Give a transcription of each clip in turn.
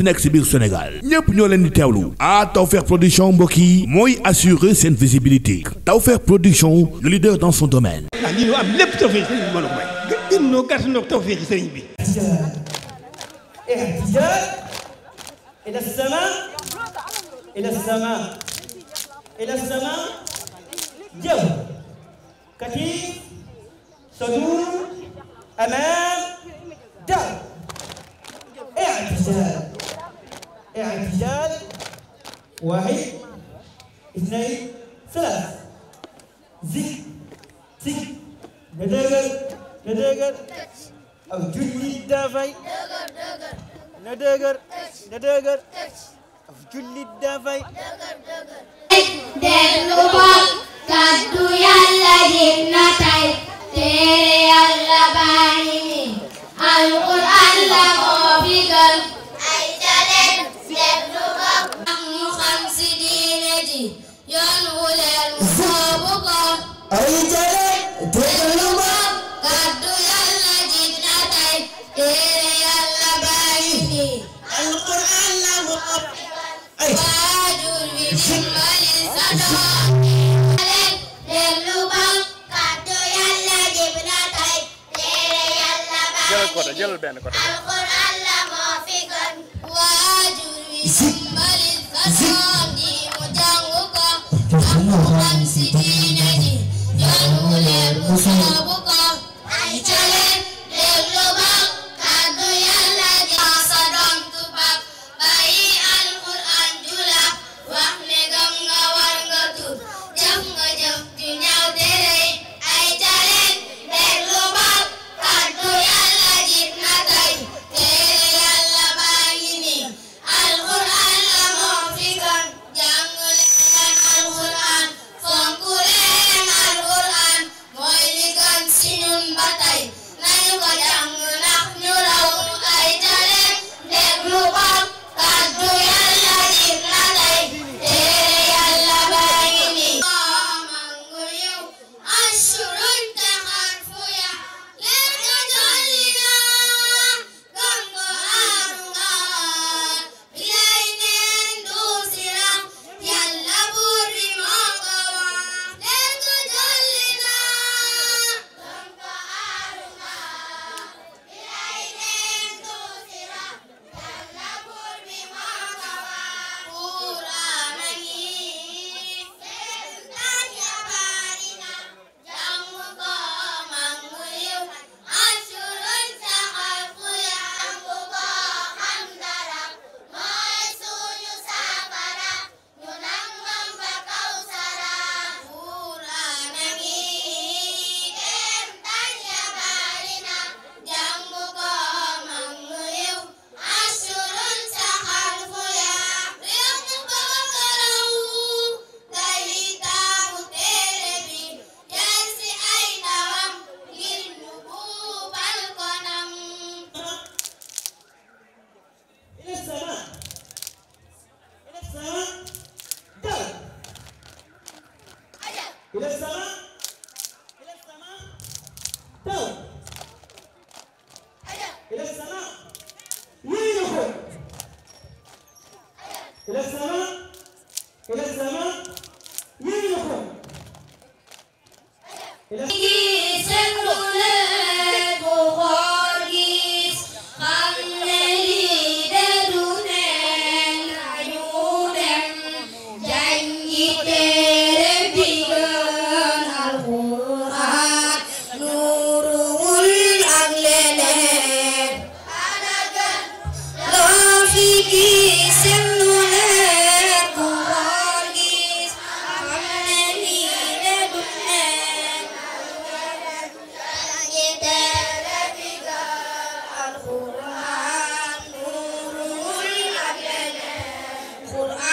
mënti nekk si biir Sénégal ñëpp ñoo leen di teewlu ah Tawfekh production mbokk yi mooy assurer seen visibilité Tawfekh production le leader dans son domaine. ah lii ñu am lépp Tawfekh sëriñ bi mën a may. gën ñoo gàtt ñoo Tawfekh sëriñ bi. إلى السماء إلى السماء إلى السماء جهد كتيف صدور أمام دار اعتزال اعتدال واحد اثنين ثلاث زك زك ندقر ندقر أو جلي الدافي ندقر ندقر أو جلي الدافي dellu bal kaddu yàlla jig na tay téere yàlla baa ngi nii alquran la moo fi gën lépp lu xam si diine ji yoon mu soobu ay jale déglu ma kàddu yàlla ji na tey téere la mu ëpp waajur bi dimbali sa doom déglu ma kàddu yàlla ji na tey téere yàlla القرآن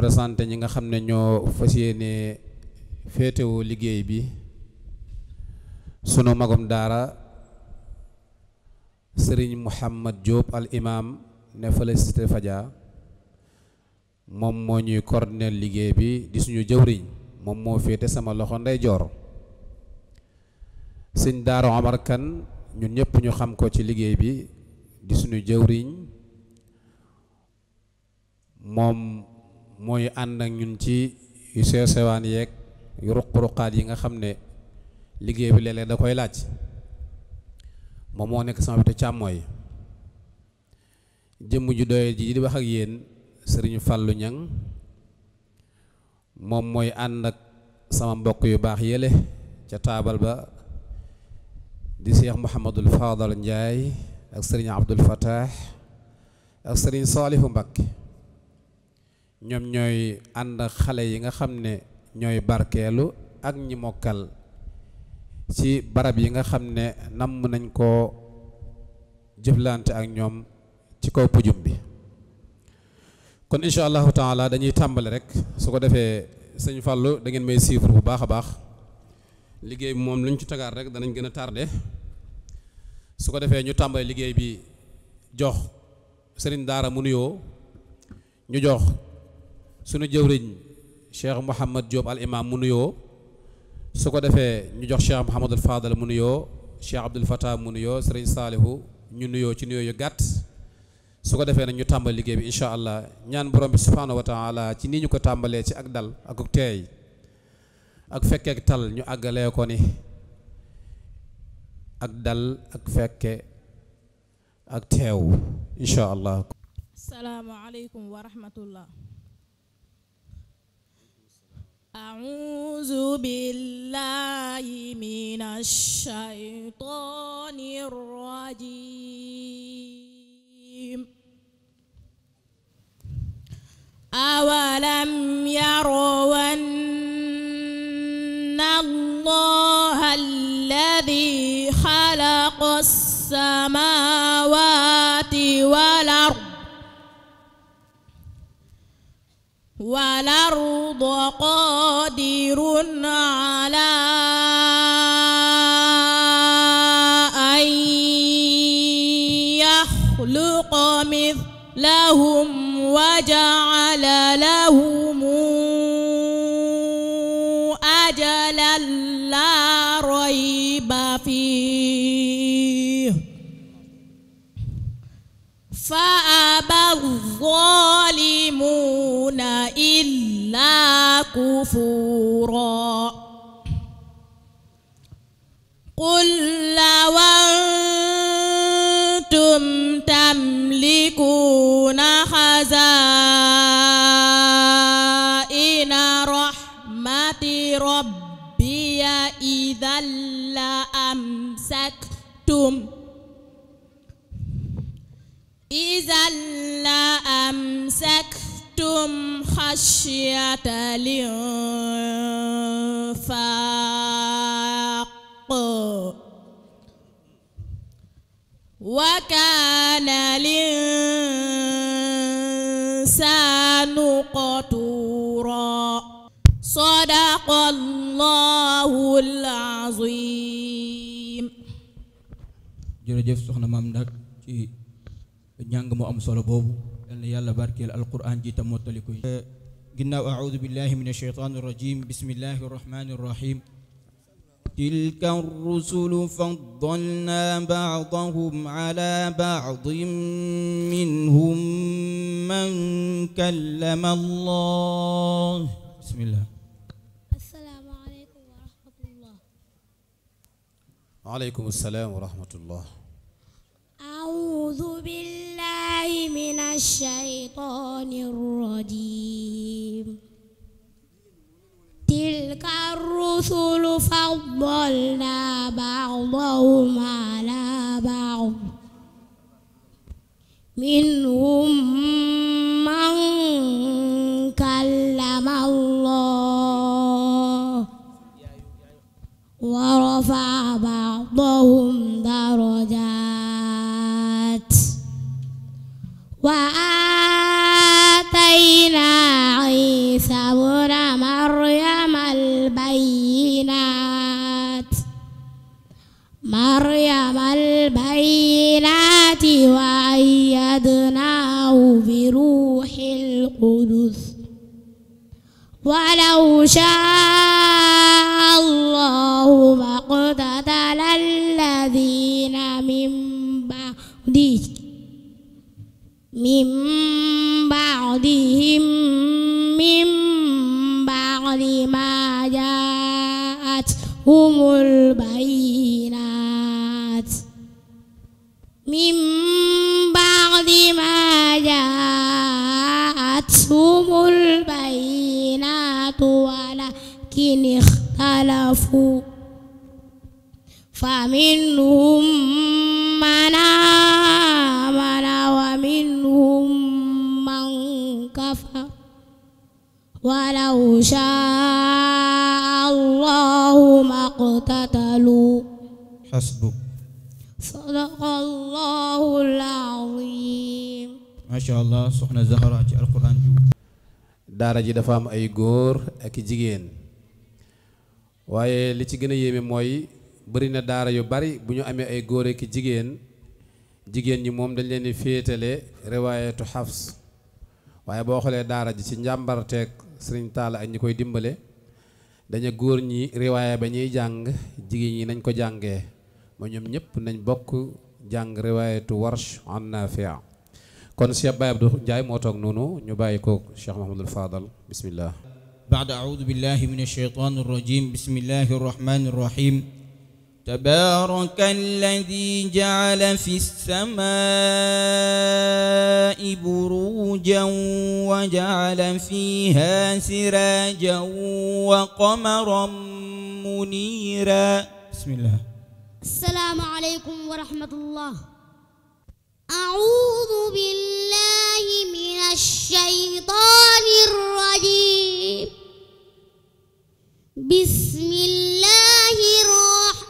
présenté ñi nga xam ne ñoo fas yéene féetewoo liggéey bi sunu magom daara sëriñ Mouhamad Diop al imam ne fële cité moom moo ñuy coordonner liggéey bi di suñu jëwriñ moom moo féete sama loxo ndeyjoor sëñ Daara Omar Kane ñun ñëpp ñu xam ko ci liggéey bi di suñu jëwriñ moom mooy ànd ak ñun ci yu sew sewaan yeeg yu ruq-ruqaat yi nga xam ne liggéey bi lelee da koy laaj moom moo nekk sama càmmooy jëmm ju doye ji ak yéen sëriñu Fallou moom mooy ànd sama mbokk yu baax yële ca taabal ba di Cheikh Mouhamadul Fadal Ndiaye ak sëriñ Abdul Fattah ak sëriñ Salihu Mbacké ñoom ñooy ànd xale yi nga xam ne ñooy barkeelu ak ñi mokkal ci barab yi nga xam ne namm nañ koo jëflante ak ñoom ci kaw pujum bi kon incha allahu taala dañuy tàmbali rek su ko defee sëñ Fallou da ngeen may suivre bu baax a baax liggéey bi moom lu ñu ci tagaar rek danañ gën a tardé su ko defee ñu tàmbali liggéey bi jox sëriñ daara mu nuyoo ñu jox sunu jëwriñ cheikh Mouhamad Diop al imam mu nuyoo su ko defee ñu jox cheikh Mouhamadul Fadal mu nuyoo cheikh Abdoul Fatah mu nuyoo sëriñ Saalihu ñu nuyoo ci nuyoo yu gàtt su ko defee nag ñu tàmbal liggéey bi incha allah ñaan borom bi subhaanahu wa taala ci nii ñu ko tàmbalee ci ak dal ak teey ak fekkeek tal ñu àggalee ko ni ak dal ak fekke ak teew incha allah. salaamaaleykum wa أعوذ بالله من الشيطان الرجيم أولم يروا أن الله الذي خلق السماوات والأرض والأرض قادر على أن يخلق مثلهم وجعل لهم أجلا لا ريب فيه فأبى يعملون إلا كفورا قل لو أنتم تملكون خزائن رحمة ربي إذا لأمسكتم إذا لأمسكتم لهم خشية الإنفاق وكان الإنسان قتورا صدق الله العظيم jërëjëf soxna maam nag ci njàng mu am solo boobu yàlla yàlla barkeel alquran ji te mottali ko eh, ginnaaw aaudu billahi min alsheytaan alrajim bismillahi arrahmani arrahim تلك الرسل فضلنا بعضهم على بعض منهم من كلم الله بسم الله السلام عليكم ورحمة الله وعليكم السلام ورحمة الله أعوذ بالله من الشيطان الرجيم تلك الرسل فضلنا بعضهم على بعض منهم من كلم الله ورفع بعضهم درجات وآتينا عيسى ابن مريم البينات مريم البينات وأيدناه بروح القدس ولو شاء الله ما من بعدهم من بعد ما جاءتهم البينات من بعد ما جاءتهم البينات ولكن اختلفوا فمنهم من ولو شاء الله ما اقتتلوا soxna Zahra ci alquran daara ji dafa am ay góor ak jigéen waaye li ci gën a yéeme mooy bëri na daara yu bari bu ñu amee ay góor ak jigéen jigéen ñi moom dañ leen di féetale riwaayatu xafs waaye boo xoolee daara ji ci njàmbarteeg sëriñ taala ak ñi koy dimbale daña góor ñi riwaaya ba ñuy jàng jigéen ñi nañ ko jànge ma ñoom ñëpp nañ bokk jàng riwaayatu warsh an nafia kon Cheikh Baye Abdou Ndiaye moo toog noonu ñu bàyyi ko Cheikh Mahamadul Fadal bismillah baada audu billahi min alsheytan arrajim bismillahi arrahmani arrahim تبارك الذي جعل في السماء بروجا وجعل فيها سراجا وقمرا منيرا بسم الله السلام عليكم ورحمة الله أعوذ بالله من الشيطان الرجيم بسم الله الرحمن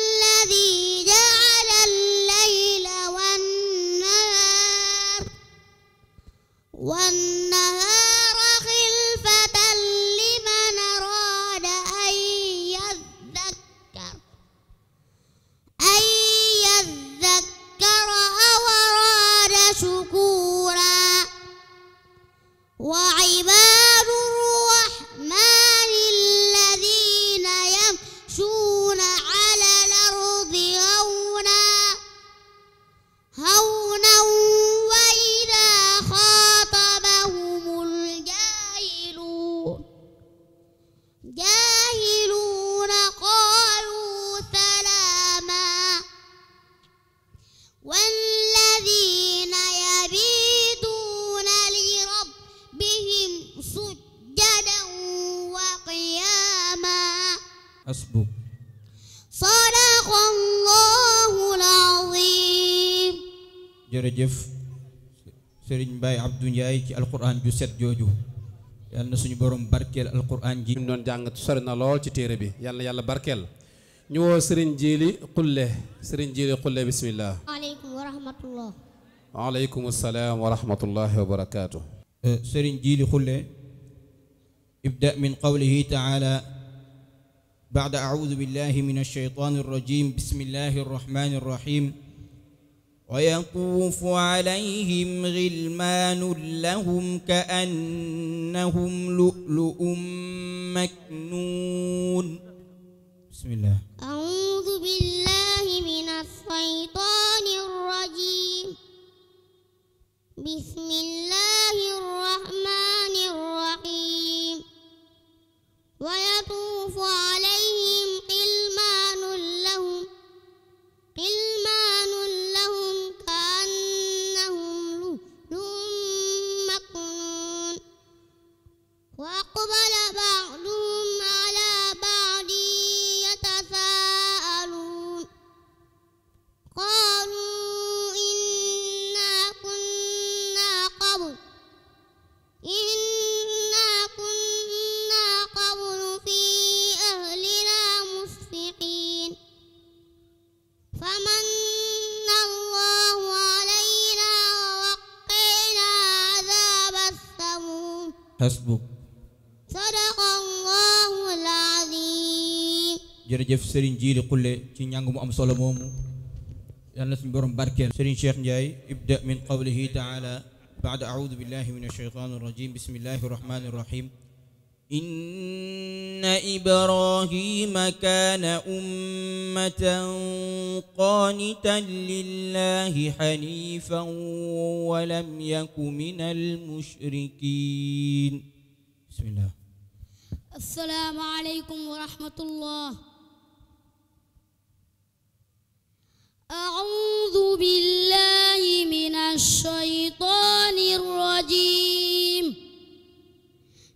wan Abdou Ndiaye ci alquran ju set jooju yàlla na suñu borom barkeel alquran ji. ñu doon jàng sori na lool ci téere bi yàlla yàlla barkeel. ñu woo Serigne Djili Khoule Serigne Djili Khoule bisimilah. waaleykum wa rahmatulah. waaleykum salaam wa rahmatulah wa barakaatu. Euh, Serigne Djili Khoule. ibda min qawlihi taala. baada audu billahi min alshaytaan arrajim bismillahi arrahmani arrahim. ويطوف عليهم غلمان لهم كأنهم لؤلؤ مكنون بسم الله أعوذ بالله من الشيطان الرجيم بسم الله الرحمن Serigne Jiili Xulle ci njàng mu am solo moomu yal na suñu borom barkeel Serigne Cheikh Ndiaye ibda min qawlihi taala baada audu billahi min alsheytaan alrajim bismillahi arrahmani irrahim إن إبراهيم كان أمة قانتا لله حنيفا ولم يك من المشركين بسم الله السلام عليكم ورحمة الله أعوذ بالله من الشيطان الرجيم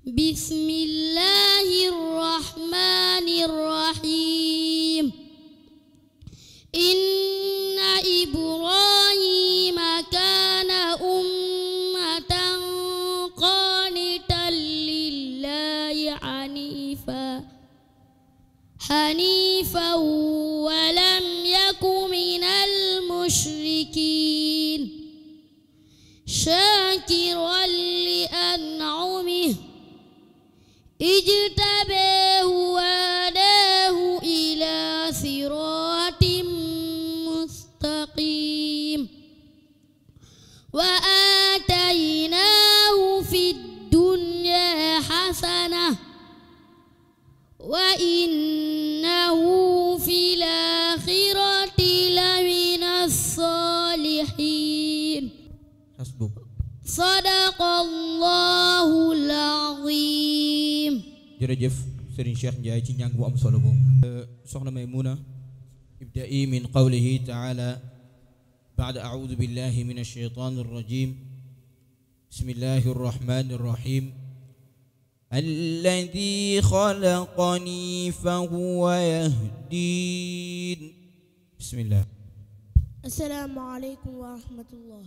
بسم الله الرحمن الرحيم إن إبراهيم jërëjëf Serigne Cheikh Ndiaye ci njàng bu am solo boobu euh, soxna Maymuna ibda'i min qawlihi ta'ala ba'da a'udhu billahi minash shaytanir rajim bismillahir rahmanir rahim الذي خلقني فهو يهدين بسم الله السلام عليكم ورحمة الله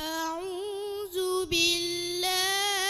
أعوذ بالله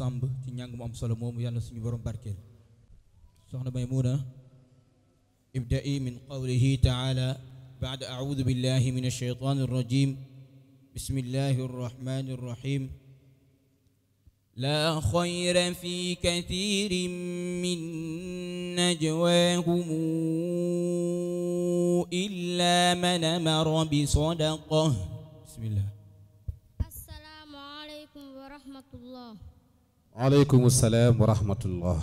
Samb ci njàng mu am solo moomu yàlla suñu borom barkeel soxna Maymuna ibda'i min qawlihi ta'ala ba'da a'udhu billahi minash shaytanir rajim bismillahir rahmanir rahim لا خير في كثير من نجواهم إلا من أمر بصدقة بسم الله السلام عليكم ورحمة الله aleykum salaam wa rahmatullah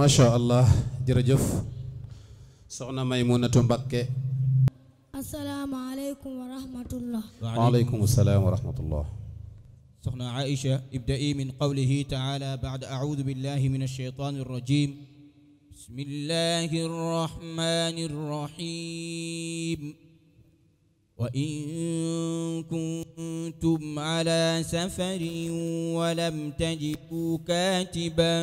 macha allah jërëjëf soxna Maymunatu Mbakke. asalaamaaleykum wa rahmatullah. waaleykum salaam wa rahmatullah. soxna Aïcha ibda'i min qawlihi taala ba'da a'uudu billahi min ash-shaytaani r-rajiim. bismillahi r-rahmaani r-rahiim. وإن كنتم على سفر ولم تجدوا كاتبا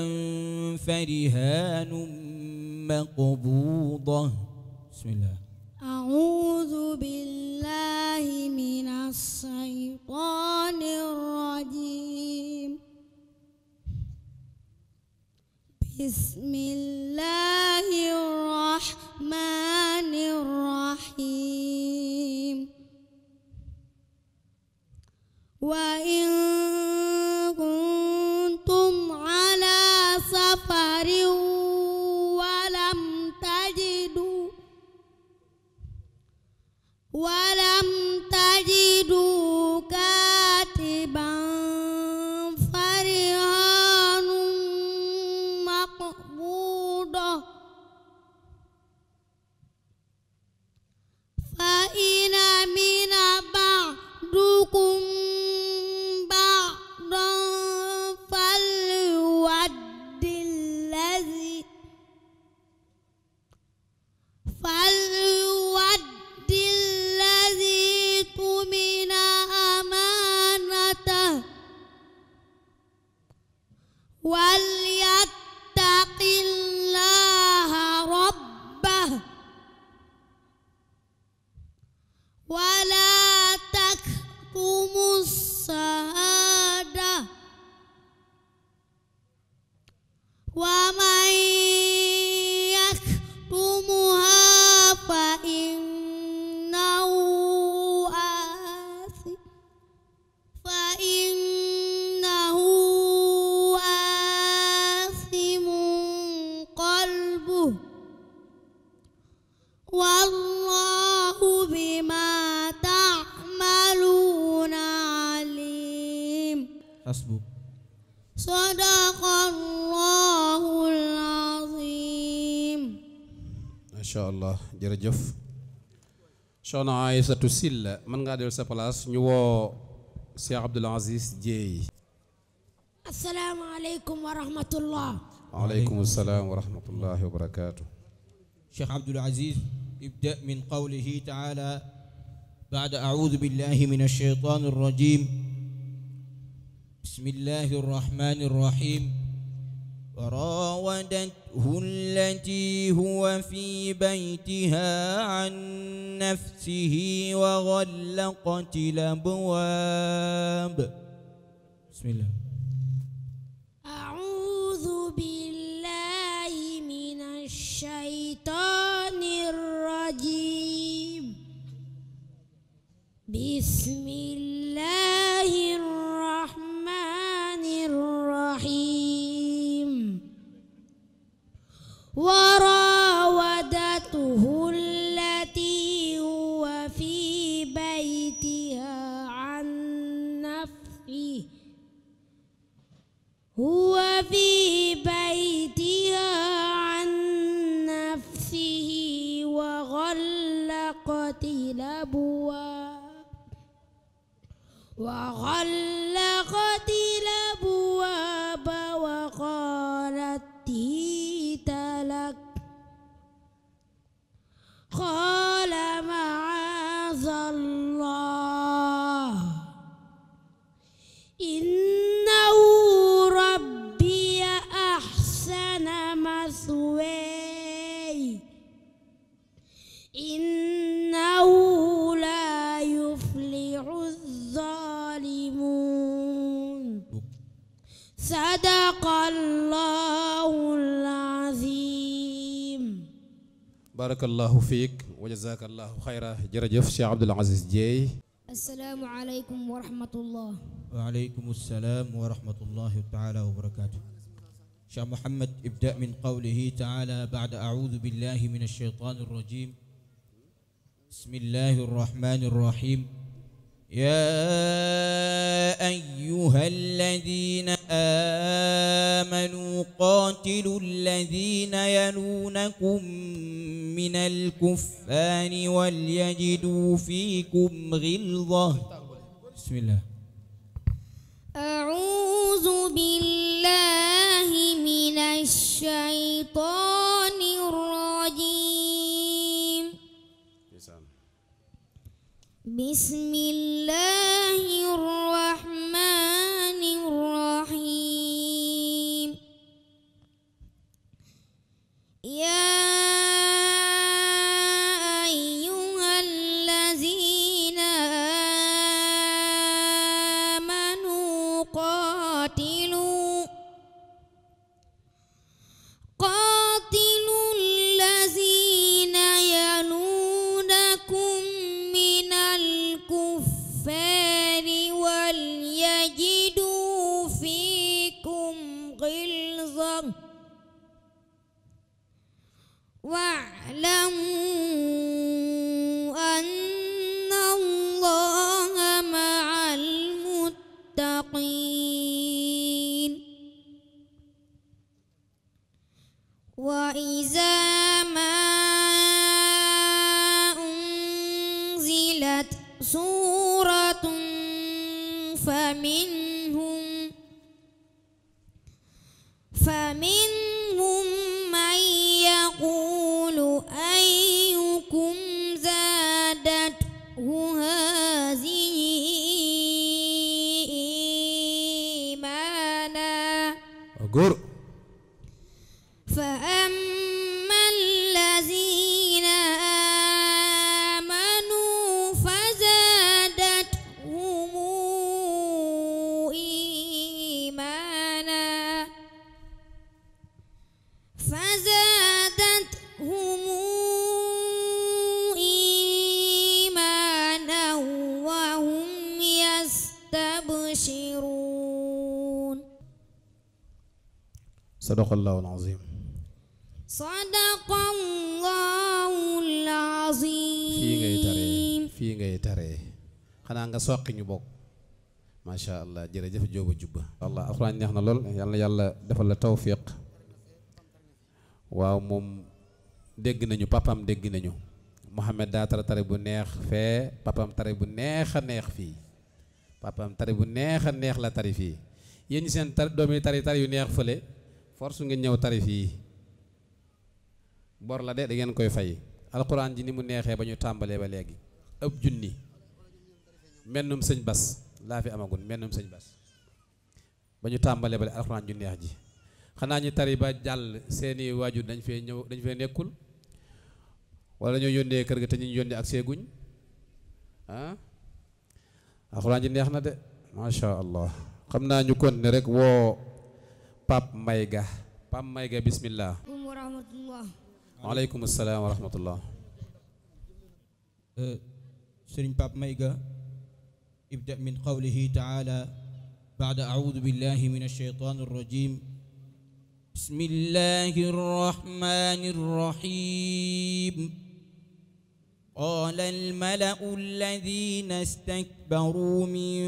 فرهان مقبوضة بسم الله أعوذ بالله من الشيطان الرجيم بسم الله الرحمن الرحيم وإن كنتم على سفر ولم تجدوا ولم تجدوا إلى من بعدكم soxna Aysatu Silla mën ngaa dellu sa place ñu woo Cheikh Abdoul Aziz Dieye asalaamaaleykum wa rahmatullah waaleykum salaam wa rahmatullahi wa barakaatu Cheikh Abdoul Aziz ibda min qawlihi taala baada audu billahi min alsheytaan alrajim بسم الله الرحمن الرحيم وراودته التي هو في بيتها عن نفسه وغلقت الأبواب بسم الله أعوذ بالله من الشيطان الرجيم بسم الله barakallahu fiik wa jazakallahu xayra jërëjëf Cheikh Abdoul Aziz Dieye asalaamualeykum wa rahmatullah waaleykum assalaam wa rahmatullahi taala wa barakaatu Cheikh Mouhamed ibda min qawlihi taala baada audu billahi min alsheytaan arrajim bismillahi arrahmani arrahim يا أيها الذين آمنوا قاتلوا الذين يلونكم من الكفار وليجدوا فيكم غلظة بسم الله أعوذ بالله من الشيطان الرجيم بسم الله الرحمن يَعْلَمُهَا sadaqallaahu al-aziim fii ngay taree xanaa nga soqi ñu bokk macha allah jërëjëf jooba jubba allah alxuraan neex na lool yàlla yàlla defal la tawfiq waaw moom dégg nañu papam dégg nañu Mouhamed daa tara bu neex fee papam tare bu neex a neex fii papam tare bu neex a neex la tari fii yéen ñi seen tar doomi tari tari yu neex fële force ngeen ñëw tarif yi bor la de da ngeen koy fay alxuraan ji ni mu neexee ba ñu tàmbalee ba léegi ëpp junni mennum sëñ bas laa fi amagun mennum sëñ bas ba ñu tàmbalee ba léegi alxuraan ju neex ji xanaa ñu tari ba jàll seeni waajur dañ fee ñëw dañ fee nekkul wala ñoo yónnee kër ga te ñu yónnee ak seeguñ ah alxuraan ji neex na de macha allah xam naa ñu continuer rek woo Pape Mayga Pape Mayga bismillah wa rahmatullah waaleykum salaam wa rahmatullah eh, sëriñ Pape Mayga ibda min qawlihi taala baada audu billahi min alsheytaan alrajim bismillahi arrahmani arrahim قال الملأ الذين استكبروا من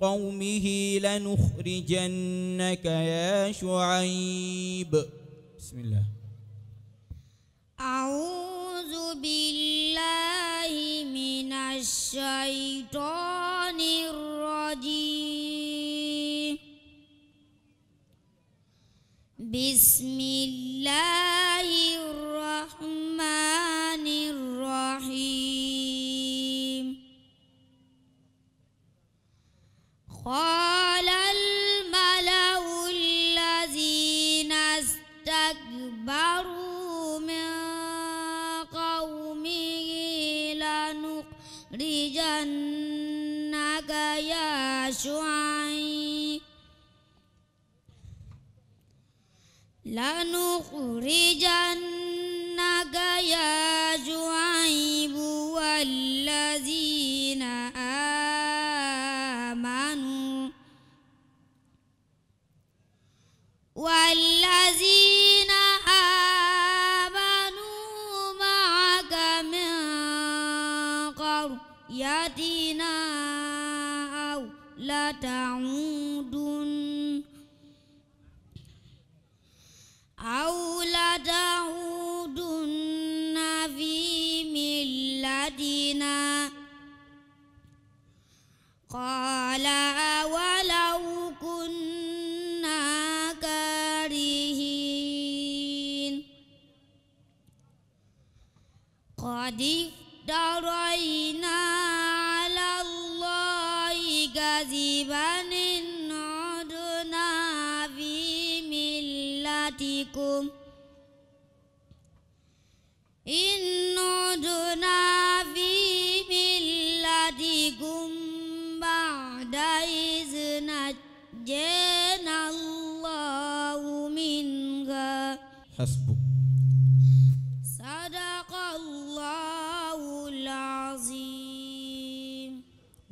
قومه لنخرجنك يا شعيب بسم الله أعوذ بالله من الشيطان الرجيم بسم الله الرحمن الرحيم قال الملأ الذين استكبروا من قومه لنخرجنك يا شعيب لنخرجنك يا شعيب والذين آمنوا والذين آمنوا معك من قريتنا أو لتعود ao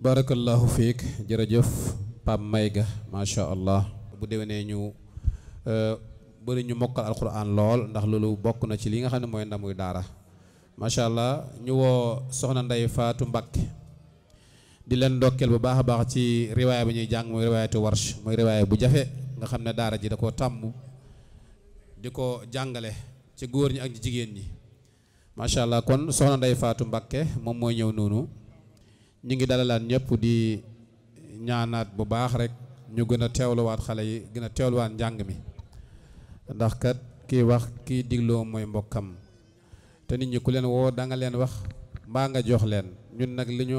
barakallahu fiik jërëjëf Pape ga macha allah bu déwénee ñu euh, bëri ñu mokkal alquran lool ndax loolu bokk na ci li nga xam ne mooy ndamuy daara macha allah ñu woo soxna Ndey Faatu Mbakke di leen ndokkeel bu baax a baax ci riwaay bi ñuy jàng muy riwaayatu warsh muy riwaay bu jafe nga xam ne daara ji da koo tàmm di ko jàngale ci góor ñi ak jigéen ñi macha allah kon soxna Ndey Faatu Mbakke moom mooy ñëw noonu. ñu ngi dalalaat ñëpp di ñaanaat bu baax rek ñu gën a teewluwaat xale yi gën a teewluwaat njàng mi ndax kat kiy wax kii digloo mooy mbokkam te nit ñi ku leen woo danga leen wax mbaa nga jox leen ñun nag li ñu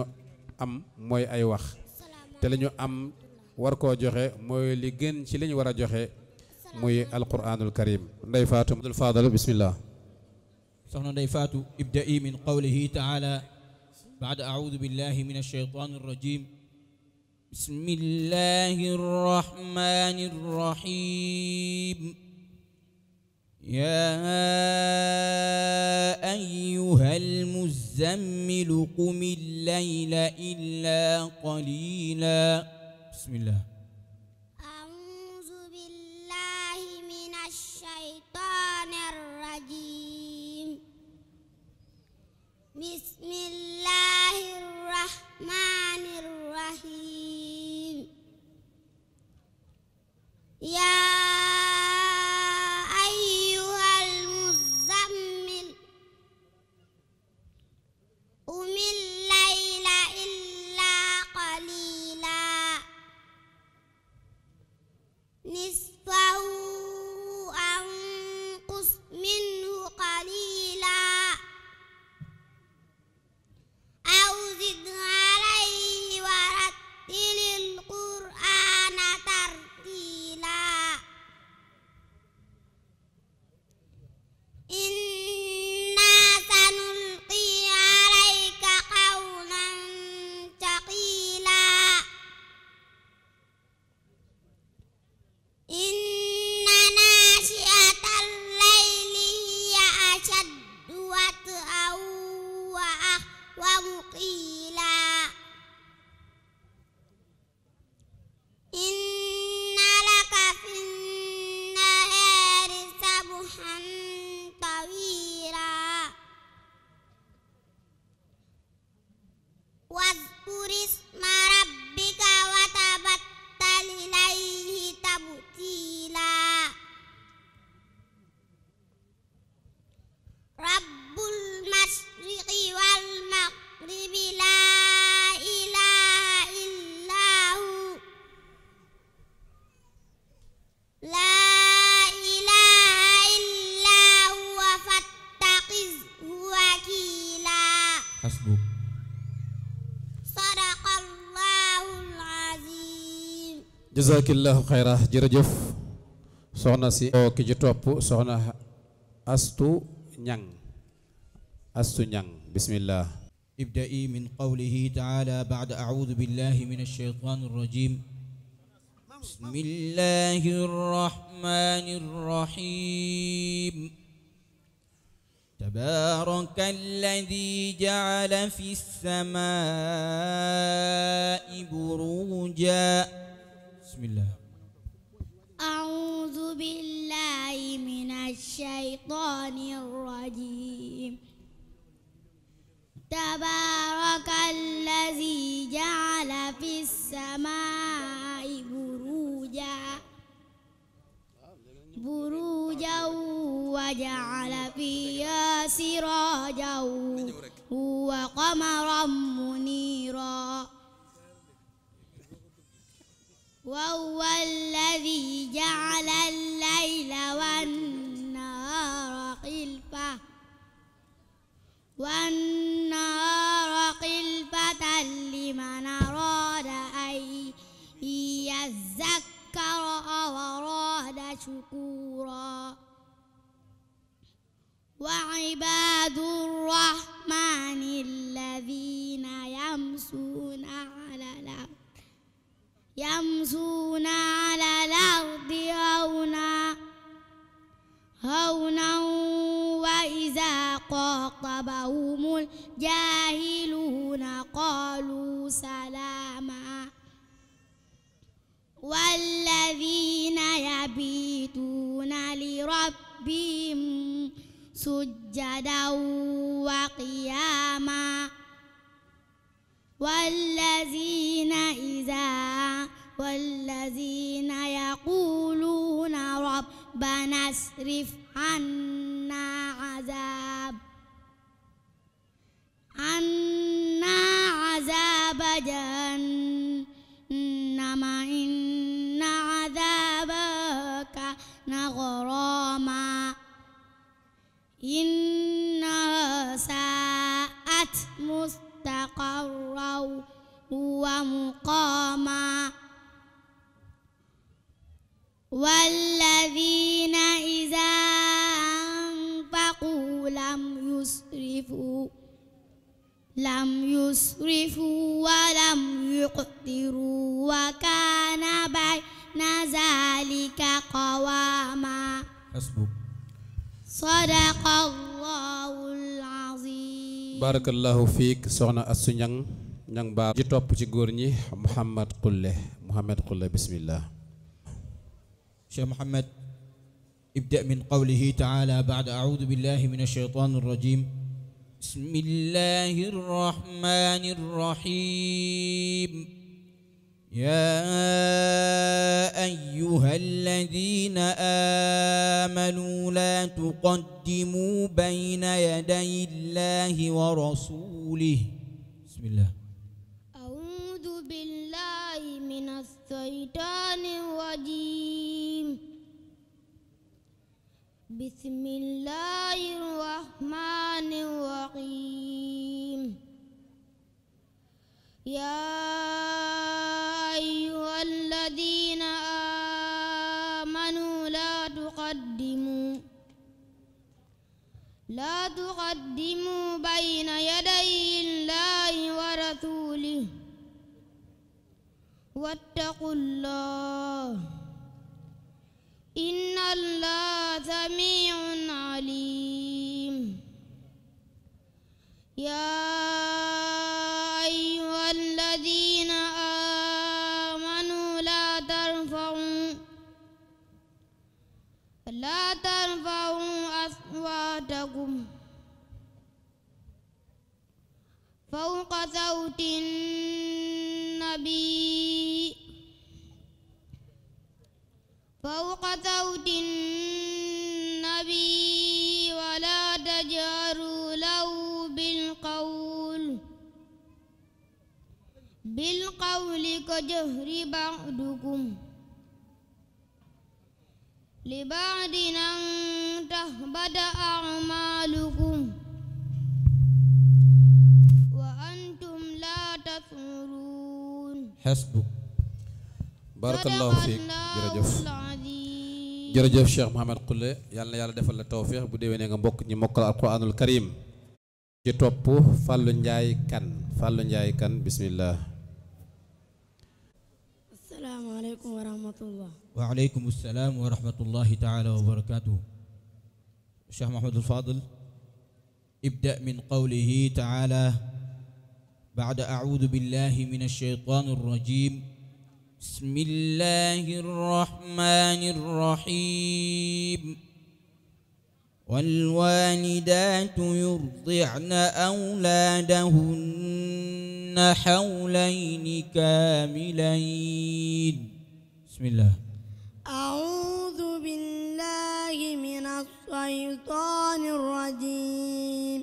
am mooy ay wax te li ñu am war koo joxe mooy li gën ci li ñu war a joxe muy alquranul karim ndey faatu abdul fadal bismillah soxna min qawlihi taala بعد أعوذ بالله من الشيطان الرجيم بسم الله الرحمن الرحيم يا أيها المزمل قم الليل إلا قليلا بسم الله bismillahir rahmanir rahim yaa jazakillahu xayra jërëjëf soxna si oo ki ci topp soxna astu ñang astu ñang bismillah ابدئي من قوله تعالى بعد أعوذ بالله من الشيطان الرجيم بسم الله الرحمن الرحيم تبارك الذي جعل في السماء بروجاً bismillah أعوذ بالله من الشيطان الرجيم تبارك الذي جعل في السماء بروجا بروجا وجعل فيها سراجا وقمرا منيرا وهو الذي جعل الليل والنهار خلفة والنهار خلفة لمن أراد أن يذكر أو أراد شكورا وعباد الرحمن الذين يمسون على الأرض يمشون على الأرض هونا هونا وإذا خاطبهم الجاهلون قالوا سلاما والذين يبيتون لربهم سجدا وقياما والذين إذا والذين يقولون ربنا اصرف عنا عذاب عنا عذاب جهنم إن عذابها كان غراما إنها ساءت مستقيما استقروا ومقاما والذين إذا أنفقوا لم يسرفوا لم يسرفوا ولم يقتروا وكان بين ذلك قواما حسبك صدق الله العظيم barakallahu fiik soxna Astou Niang Niang Ba ji topp ci góor ñi Mouhamed Khoule Mouhamed Khoule bismillah Cheikh Mouhamed ibda min qawlihi taala baad audu billahi min alsheytan alrajim bismillahi arrahmani يا أيها الذين آمنوا لا تقدموا بين يدي الله ورسوله بسم الله أعوذ بالله من الشيطان الرجيم بسم الله الرحمن الرحيم يا أيها الذين آمنوا لا تقدموا لا تقدموا بين يدي الله ورسوله واتقوا الله إن الله سميع عليم الذين آمنوا لا ترفعوا لا ترفعوا أصواتكم فوق صوت النبي وجهر بعضكم لبعض أن تهبط أعمالكم وأنتم لا تشعرون حسبك بارك الله فيك jërëjëf jërëjëf Cheikh Mouhamed yàlla yàlla defal la tawfiix bu déwénee nga mbokk ñi mokkal alquranul karim ci topp Fallou Ndiaye Kane Fallou Ndiaye Kane bismillah asalaamaaleykum wa rahmatullah waaleykum salaam wa rahmatullahi taala wa barakaatuhu cheikh mahamadul fadil ibda min qawlihi taala bacda acuudu billahi min alsheytaan alrajim بسم الله الرحمن الرحيم والوالدات يرضعن أولادهن حولين كاملين بسم الله أعوذ بالله من الشيطان الرجيم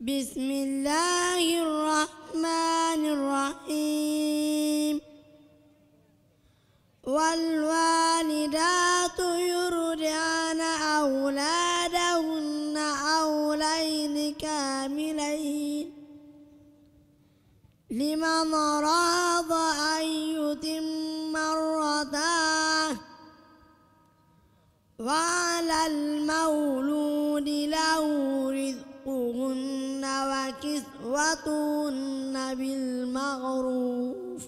بسم الله الرحمن الرحيم والوالدات يرضعن أولادهن حولين كاملين لمن رضى وعلى المولود له رزقهن وكسوتهن بالمعروف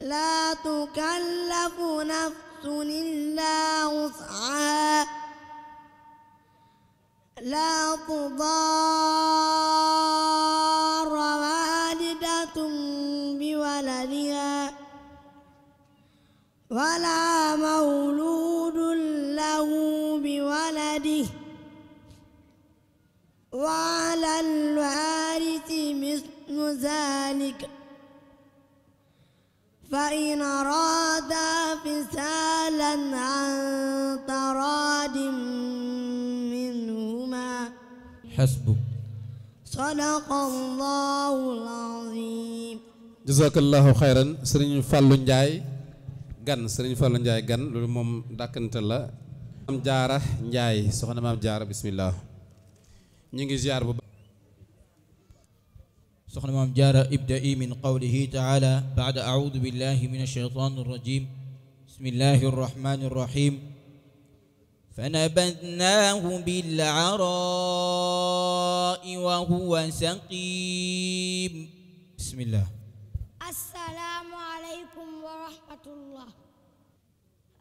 لا تكلف نفس إلا وسعها لا تضار ولا مولود له بولده وعلى الوارث مثل ذلك فإن أرادا فصالا عن تراد منهما حسبك صدق الله العظيم جزاك الله خيرا Sëriñ Fallu Njaay gan sëriñ Fallou Ndiaye gan loolu moom dàkkante la maam jaara Ndiaye soxna maam jaara bismillah ñu ngi ziar bu baax soxna maam jaara ibda'i min qawlihi ta'ala ba'da a'udhu billahi minash shaytanir rajim bismillahir rahmanir rahim فنبذناه بالعراء وهو سقيم بسم الله ورحمة الله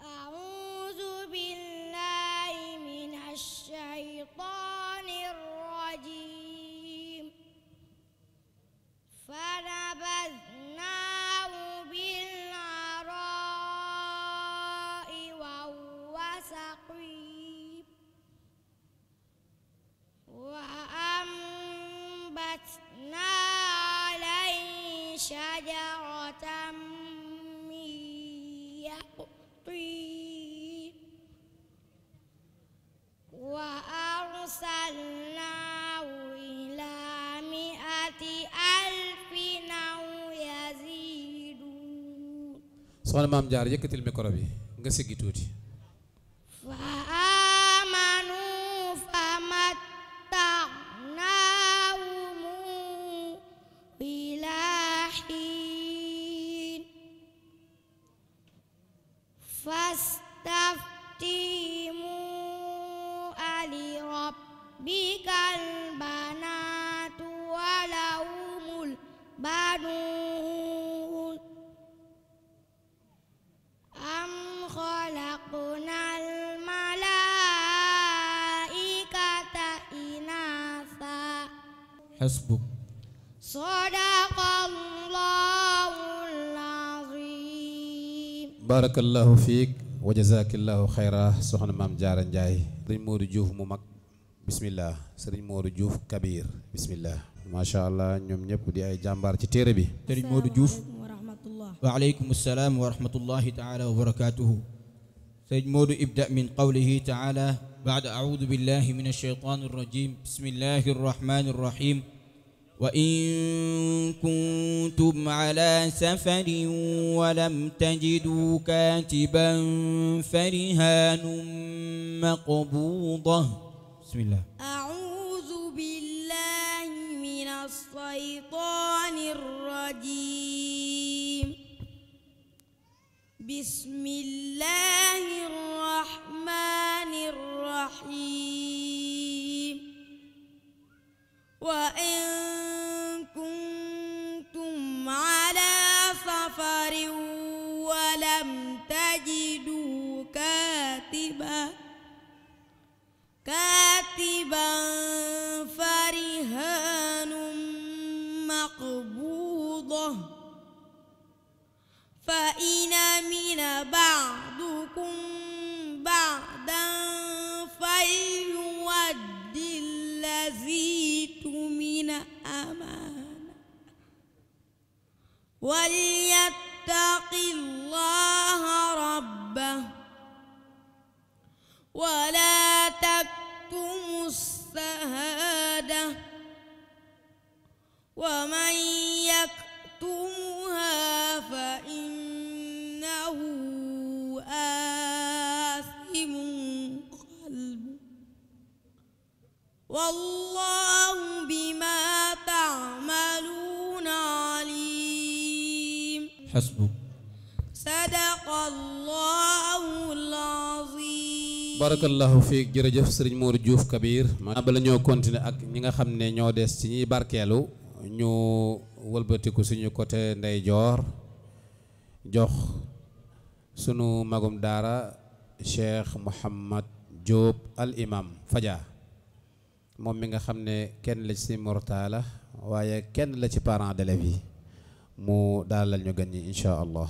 أعوذ بالله من الشيطان الرجيم فلا أرسلناه إلى مئة ألف أو يزيدون soxna maam Jaar yëkkatil micro bi nga siggi tuuti xasbuk sadaqallahul azim barakallahu fiik wa jazakillahu xayra soxna maam jaara njaay sëriñ moodu juuf mu mag bismillah sëriñ moodu juuf kabir bismillah macha allah ñoom ñëpp di ay jàmbaar ci téere bi sëriñ moodu juuf wa aleykum assalaam wa rahmatullahi taala wa barakatuhu sëriñ moodu ibda min qawlihi taala بعد أعوذ بالله من الشيطان الرجيم بسم الله الرحمن الرحيم وإن كنتم على سفر ولم تجدوا كاتبا فرهان مقبوضة بسم الله أعوذ بالله من الشيطان الرجيم بسم الله الرحمن الرحيم وإن كنتم على سفر ولم تجدوا كاتبا كاتبا فرهان فإن من بعضكم بعضا فليؤد الذي تمن أمانة وليتق الله ربه ولا تكتموا الشهادة ومن barakallahu fiik jërëjëf sëriñ Mour Diouf Kabir ma ba lañoo continuer ak ñi nga xam ne ñoo des ci ñuy barkeelu ñu walbatiku suñu côté ndeyjoor jox sunu magum daara Cheikh Mouhamad Diop al imam Fadia moom mi nga xam ne kenn la ci mortala waaye kenn la ci parent d'élèves yi mu daalal ñu gën ñi incha allah